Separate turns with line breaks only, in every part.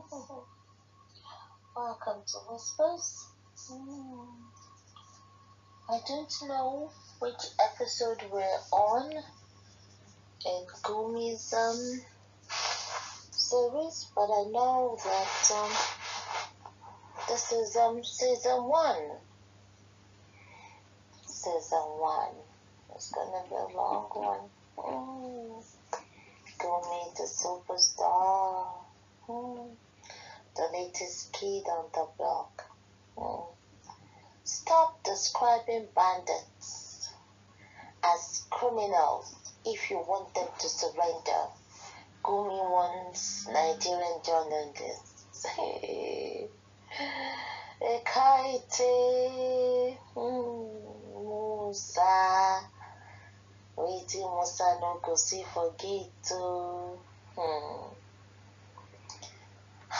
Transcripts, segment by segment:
Welcome to Whispers. Mm. I don't know which episode we're on. in Gumi's um, series, but I know that um, this is um, season one. Season one. It's gonna be a long one. Mm. Gumi the superstar. Mm the latest kid on the block. Mm. Stop describing bandits as criminals if you want them to surrender. Gumi wants Nigerian journalists. Ekaite hmm, Musa. Waiting Musa no go see for gate. Oh. Hmm.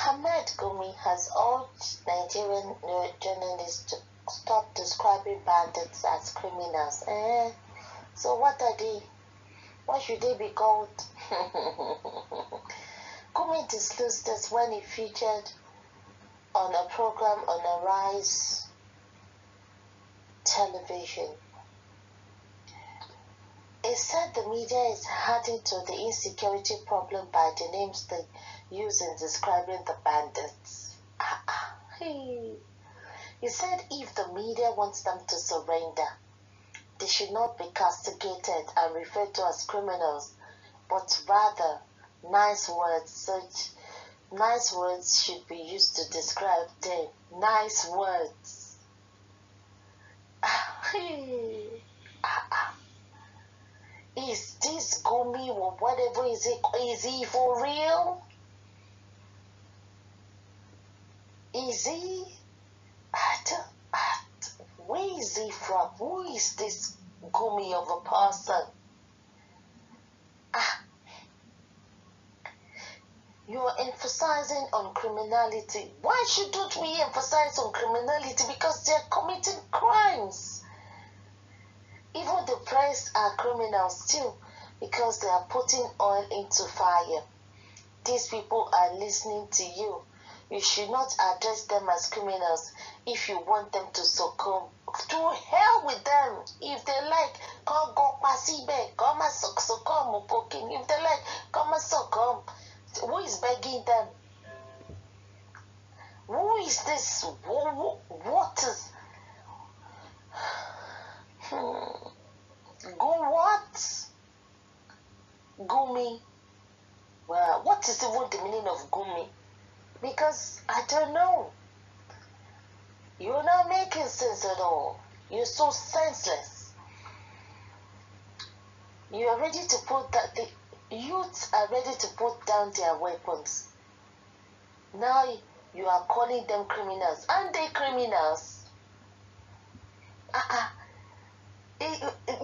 Ahmed Gumi has urged Nigerian journalists to stop describing bandits as criminals. Eh? So what are they? What should they be called? Gumi disclosed this when he featured on a program on Arise television. It said the media is adding to the insecurity problem by the names the using describing the bandits. Ah, ah, he said if the media wants them to surrender, they should not be castigated and referred to as criminals, but rather nice words such nice words should be used to describe them. Nice words. Ah, is this Gumi or whatever is it is he for real? he at, at he from who is this gummy of a person? Ah, you are emphasizing on criminality. Why shouldn't we emphasize on criminality? Because they are committing crimes. Even the press are criminals too because they are putting oil into fire. These people are listening to you You should not address them as criminals if you want them to succumb. To hell with them. If they like, come go pasibe, come succumb, poking. If they like, come succumb. Who is begging them? Who is this? What is? Hmm. Go what? Gumi. Well, what is even the meaning of gumi? because I don't know. You're not making sense at all. You're so senseless. You are ready to put that the youths are ready to put down their weapons. Now you are calling them criminals. Aren't they criminals? Uh-uh.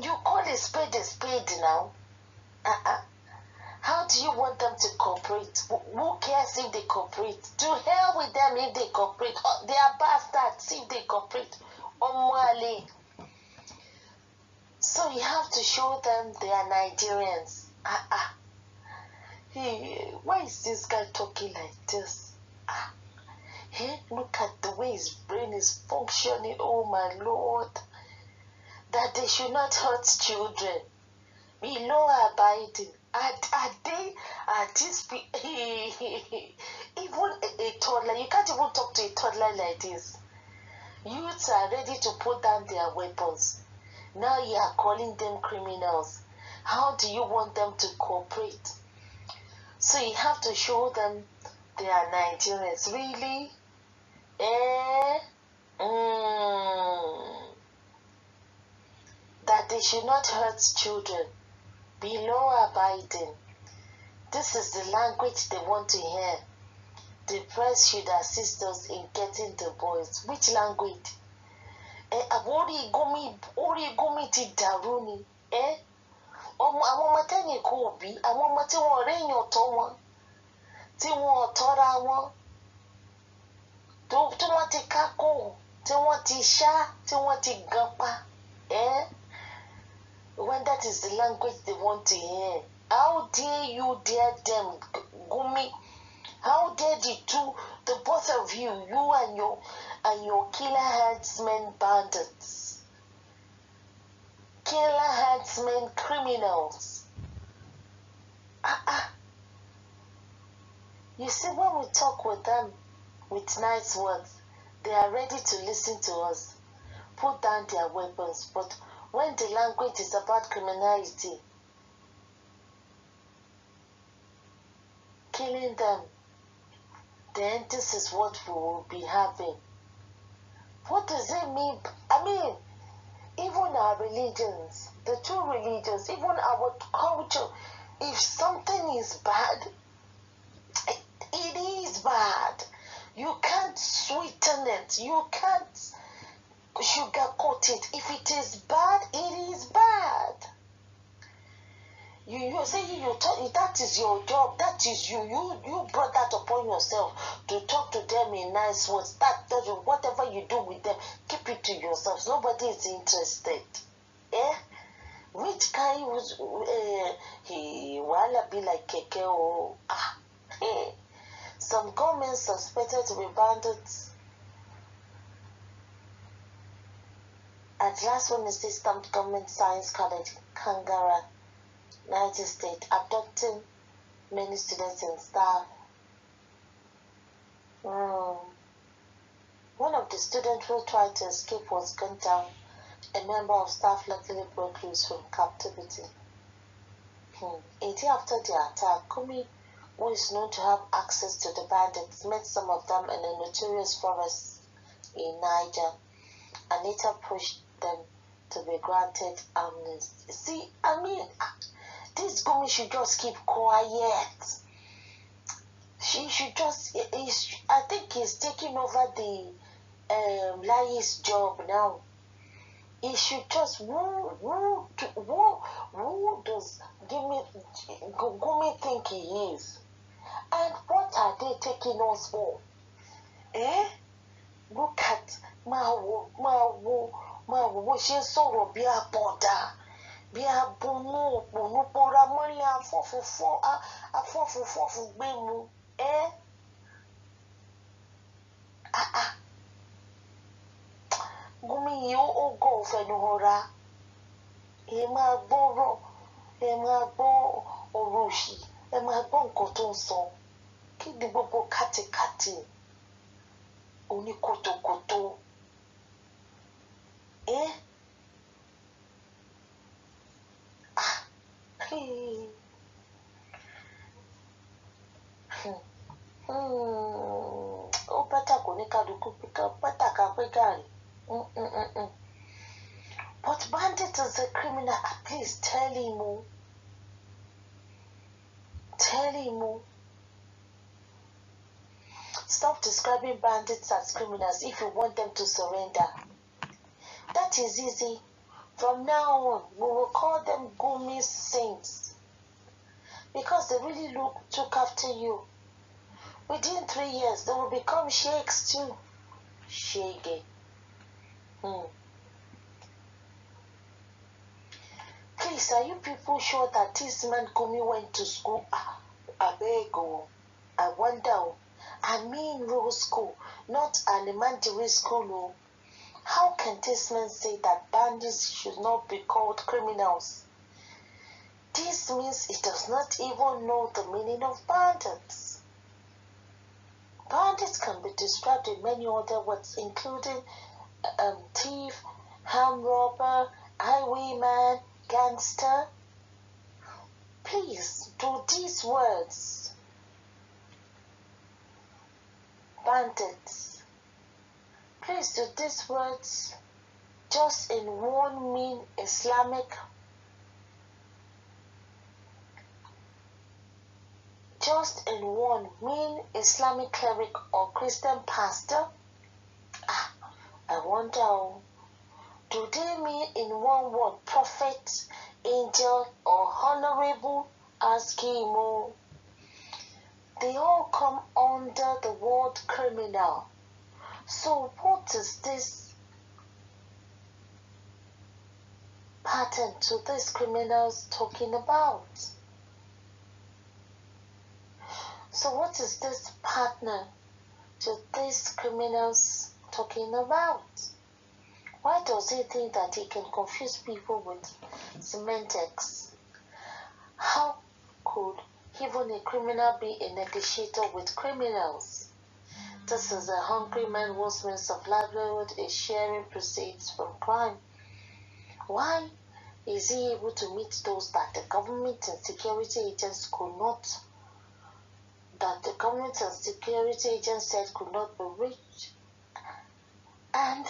You call a spade a spade now. Uh-uh. How do you want them to cooperate? Who cares if they cooperate? To hell with them if they cooperate. Oh, they are bastards if they cooperate. Omwale. So you have to show them they are Nigerians. Ah, ah. Hey, why is this guy talking like this? Ah. Hey, look at the way his brain is functioning. Oh my lord. That they should not hurt children. Below abiding. At a day, at even a, a toddler, you can't even talk to a toddler like this. Youths are ready to put down their weapons. Now you are calling them criminals. How do you want them to cooperate? So you have to show them they are Nigerians. Really? Eh? Mm. That they should not hurt children. Be law abiding. This is the language they want to hear. The press should assist us in getting the voice. Which language? Àbórí eh, gómi orí gómi ti daruni, eh? Ọmọ àwọn ọmọ tẹ́nì kò bí àwọn ọmọ tí wọ́n réèyàn tọ́ wọn tí wọ́n tọ́ra wọn tí wọ́n ti kákó tí wọ́n ti ṣá tí wọ́n ti gan pa. Eh? when that is the language they want to hear. How dare you dare them, Gumi? How dare the two, the both of you, you and your and your killer herdsmen bandits, killer herdsmen criminals? Ah, ah. You see, when we talk with them with nice words, they are ready to listen to us, put down their weapons, but when the language is about criminality, killing them, then this is what we will be having. What does it mean? I mean, even our religions, the two religions, even our culture, if something is bad, it, it is bad. You can't sweeten it. You can't sugarcoat it. If it is bad, it is bad. You, you say you talk, that is your job. That is you. You you brought that upon yourself to talk to them in nice words. That, that whatever you do with them, keep it to yourself. Nobody is interested. Eh? Which guy was uh, he? Wala be like keke oh, ah. Eh. Some government suspected to be bandits At last, when the Stump Government Science College, Kangara, United State, adopting many students and staff. Mm. One of the students who tried to escape was gunned down. A member of staff luckily broke loose from captivity. Hmm. A day after the attack, Kumi, who is known to have access to the bandits, met some of them in a notorious forest in Niger Anita pushed them to be granted amnesty. See, I mean, this government should just keep quiet. She should just, is. I think he's taking over the um, Lai's job now. He should just, who, who, who, who does Gumi think he is? And what are they taking us for? Eh? Look at my, my, máa wò bó ṣe ń sọ̀rọ̀ bí àbọ̀dà bí abunú òpònú pora mọ́lẹ̀ afọ́fúfọ́fú gbé mu ẹ́ Gumi yìí ó gọ̀ òfẹnuhọra ẹ máa ogo ẹ máa gbọ́ ọ̀rọ̀ òṣì ẹ máa gbọ́ nǹkan tó ń sọ kí ni gbogbo kátikàti oníkótókótó. Eh? ó bẹ́tà kò ní kálukú bẹ́tà ká pé gàrí. But bandit is a criminal please tell him tell him stop describing bandits as criminals if you want them to surrender. That is easy. From now on, we will call them Gumi Saints because they really look, took after you. Within three years, they will become sheikhs too. Shege. Hmm. Please, are you people sure that this man Gumi went to school? Ah, Abego. Oh. I wonder. Oh. I mean, rural school, not elementary school. Oh. How can this man say that bandits should not be called criminals? This means he does not even know the meaning of bandits. Bandits can be described in many other words, including um, thief, ham robber, highwayman, gangster. Please do these words. Bandits. Please do these words just in one mean Islamic just in one mean Islamic cleric or Christian pastor? Ah, I wonder do they mean in one word prophet, angel, or honorable? Ask him. They all come under the word criminal. So what is this pattern to these criminals talking about? So what is this partner to these criminals talking about? Why does he think that he can confuse people with semantics? How could even a criminal be a negotiator with criminals? This is a hungry man whose means of livelihood is sharing proceeds from crime. Why is he able to meet those that the government and security agents could not? That the government and security agents said could not be reached? And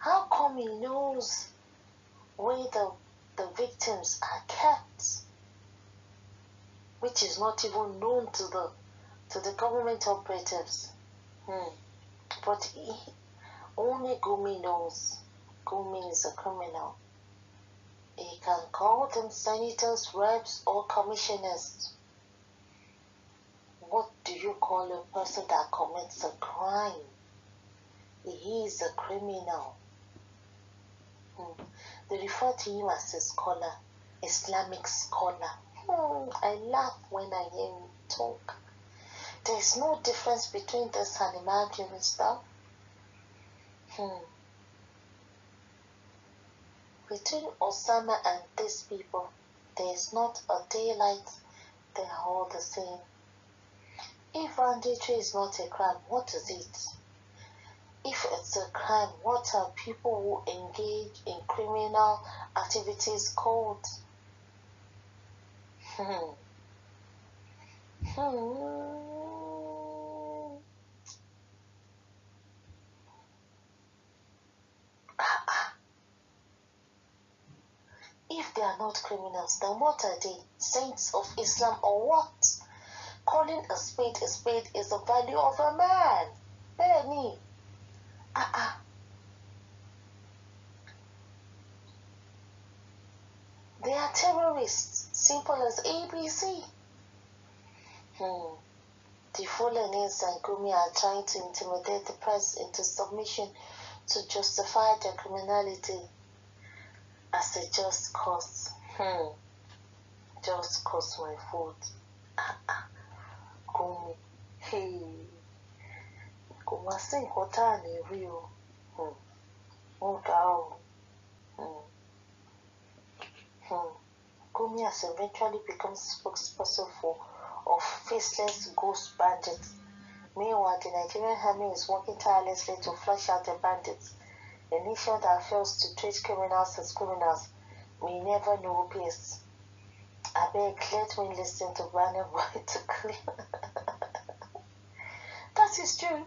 how come he knows where the, the victims are kept, which is not even known to the to the government operatives. Hmm. But he, only Gumi knows Gumi is a criminal. He can call them senators, reps, or commissioners. What do you call a person that commits a crime? He is a criminal. Hmm. They refer to him as a scholar, Islamic scholar. Hmm. I laugh when I hear him talk. There's no difference between this and imaginary stuff. Hmm. Between Osama and these people, there is not a daylight, they are all the same. If banditry is not a crime, what is it? If it's a crime, what are people who engage in criminal activities called? Hmm. Hmm. they are not criminals, then what are they? Saints of Islam or what? Calling a spade a spade is the value of a man. Benny. Ah ah. They are terrorists. Simple as ABC. Hmm. The Fulanis and Gumi are trying to intimidate the press into submission to justify their criminality as a just cause. Hmm. Just cause my fault. Ah ah. Gomi. Hey. Kò wá sí nǹkan tá à ní rí o. Ó ga o. Gomi has eventually become spokesperson for of faceless ghost bandits. Meanwhile, the Nigerian army is working tirelessly to flush out the bandits. A nation that fails to treat criminals as criminals may never know peace. I beg, let me listen to Brandon Boyd to clear. that is true.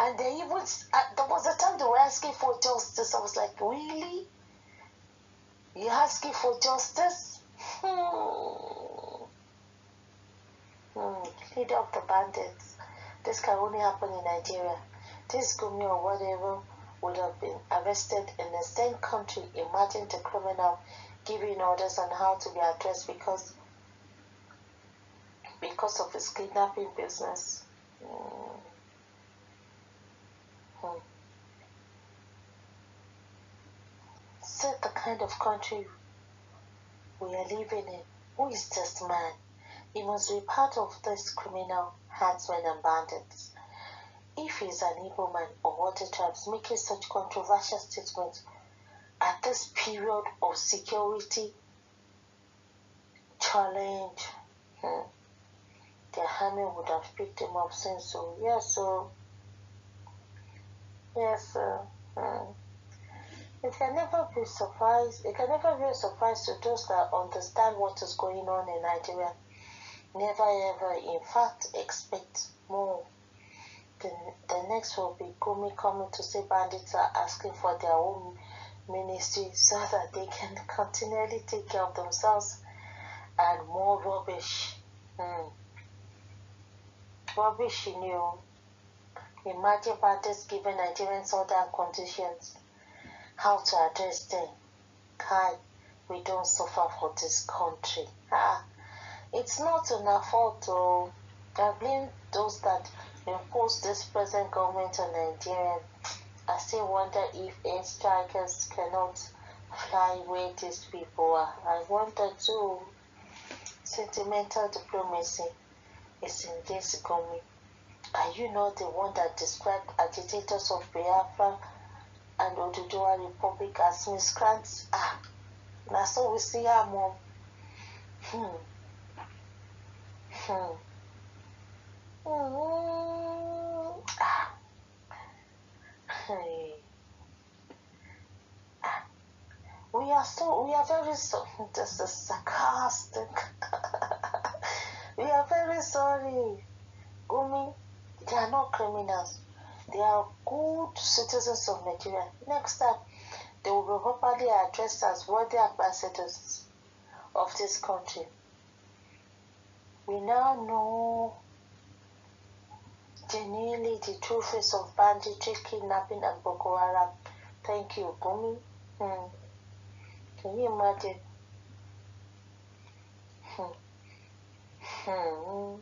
And they even, uh, there was a time they were asking for justice. I was like, really? You're asking for justice? Hmm. Hmm. Lead up the bandits. This can only happen in Nigeria. This Gumi or whatever would have been arrested in the same country. Imagine the criminal giving orders on how to be addressed because because of his kidnapping business. Mm. Hmm. the kind of country we are living in. Who is this man? He must be part of this criminal herdsmen and bandits. If he's an evil man or it types making such controversial statements at this period of security challenge, hmm, the army would have picked him up since. So, yes, so, yes, sir. Hmm. It can never be surprised. It can never be a surprise to those that understand what is going on in Nigeria. Never ever, in fact, expect more the, the next will be Gumi coming to say bandits are asking for their own ministry so that they can continually take care of themselves and more rubbish. Mm. Rubbish, you know. Imagine bandits giving Nigerians all that conditions. How to address them? Kai, we don't suffer for this country. Ah, it's not an fault, to I blame those that of course, this present government of Nigeria, I still wonder if air strikers cannot fly where these people are. I wonder too. Sentimental diplomacy is in this government. Are you not the one that described agitators of Biafra and Oduduwa Republic as miscreants? Ah, now so we see her mom. Hmm. Hmm. Mm-hmm. we are so we are very so this is sarcastic we are very sorry gumi they are not criminals they are good citizens of nigeria next time they will be properly addressed as worthy ambassadors of this country we now know genuinely the true face of banditry, kidnapping, and Boko Haram. Thank you, Gumi. Hmm. Can you imagine? Hmm. Hmm.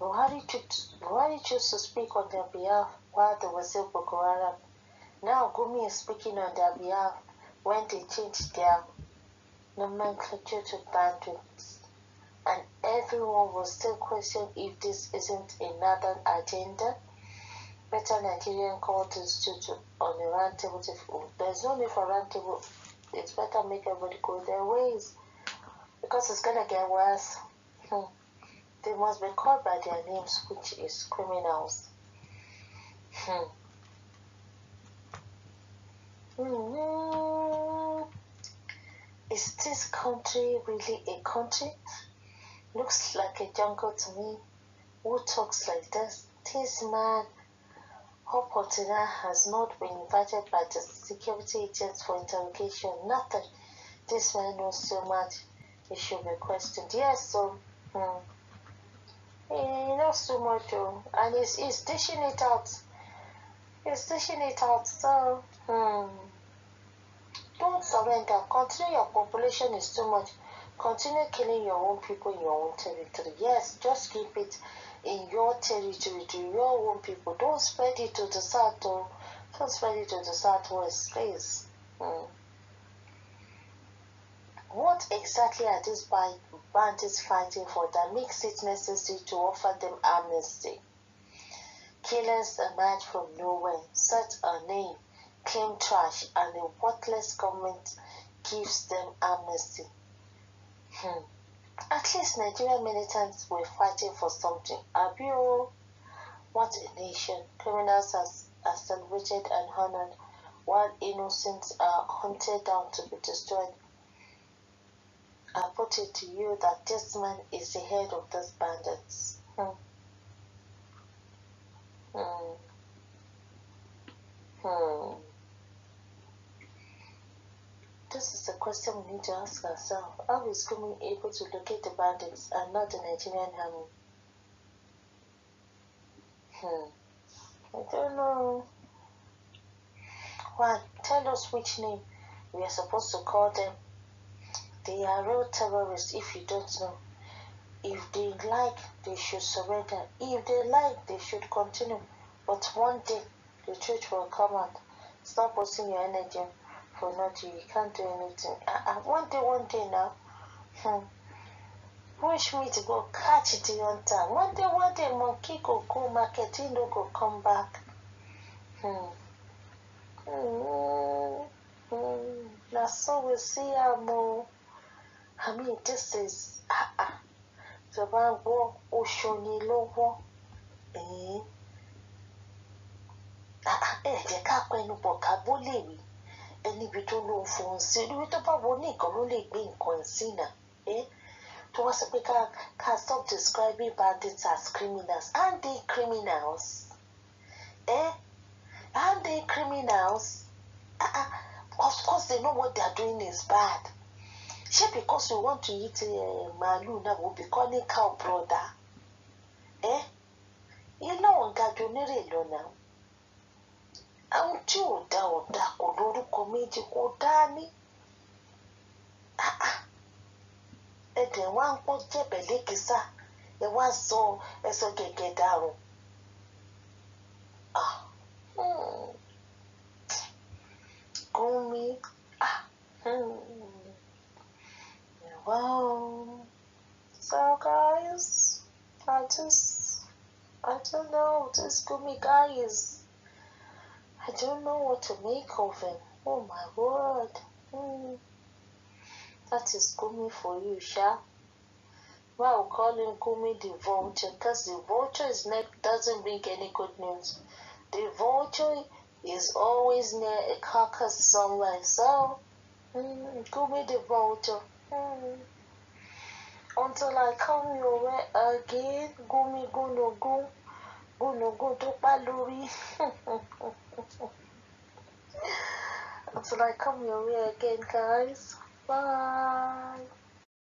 you Buhari chose to speak on their behalf while they were still Boko Haram. Now Gumi is speaking on their behalf when they changed their nomenclature to bandits everyone will still question if this isn't another agenda. Better Nigerian called to on a roundtable. There's no need for roundtable. It's better make everybody go their ways because it's gonna get worse. Hmm. They must be called by their names, which is criminals. Hmm. Mm-hmm. Is this country really a country? Looks like a jungle to me. Who talks like this? This man, Hopotina, has not been invited by the security agents for interrogation. Nothing. This man knows so much. He should be questioned. Yes, so, hmm. He eh, knows too much, though. And he's, he's dishing it out. He's dishing it out, so, hmm. Don't surrender. Continue your population is too much. Continue killing your own people in your own territory. Yes, just keep it in your territory to your own people. Don't spread it to the south or oh. don't spread it to the southwest, please. Hmm. What exactly are these bandits fighting for that makes it necessary to offer them amnesty? Killers emerge from nowhere, set a name, claim trash, and a worthless government gives them amnesty. Hmm. At least Nigerian militants were fighting for something. Abiru, what a nation. Criminals are, are celebrated and honored while innocents are hunted down to be destroyed. I put it to you that this man is the head of those bandits. Hmm. This is the question we need to ask ourselves. How is Kumi able to locate the bandits and not the Nigerian army? Hmm. I don't know. Why? tell us which name we are supposed to call them. They are real terrorists if you don't know. If they like, they should surrender. If they like, they should continue. But one day, the truth will come out. Stop wasting your energy. for nothing. You can't do anything. I, I one day, one day now. Hmm. Wish me to go catch the hunter. One day, one day, monkey go go market. He no go come back. Hmm. Hmm. Hmm. Now, so we see how more. I mean, this is. Ah, uh, ah. Uh, tó bá ń gbọ́ oṣù ni lọ́wọ́ ẹ̀ẹ́n ẹ jẹ́ ká pẹnu bọ̀ ká ẹnibi tó lóun fohùn sí níbi tó bá wo ní nǹkan ló lè gbé nǹkan ẹ̀ sí nà ẹ́ tó wá sọ pé ká ká stop describing bandits as criminals aren't they criminals eh? aren't they criminals ah, ah of course they know what they are doing is bad ṣé because you want to eat uh, màálù náà wò bí calling cow brother eh? iná òǹgàjọ onírè lọ náà àwọn tí ò da ọ̀dà kò lórúkọ méjì kò dání ẹ̀dẹ̀ wá ń pọ́n jẹ̀bẹ̀ lékisá ẹ wá ń sọ ẹsọ gẹ̀gẹ̀ dàrú. Gúnmi ah, hmm. ah, hmm. wow so guys I just I don't know this Gúnmi guy is. I don't know what to make of him. Oh my word. Mm. That is Gumi for you, Sha. Well, call him Gumi the vulture because the vulture neck doesn't bring any good news. The vulture is always near a carcass somewhere. So, mm, Gumi the vulture. Mm. Until I come your way again, Gumi Gunogun gúnugún tó pa lórí. Until I come your way again, guys. Bye.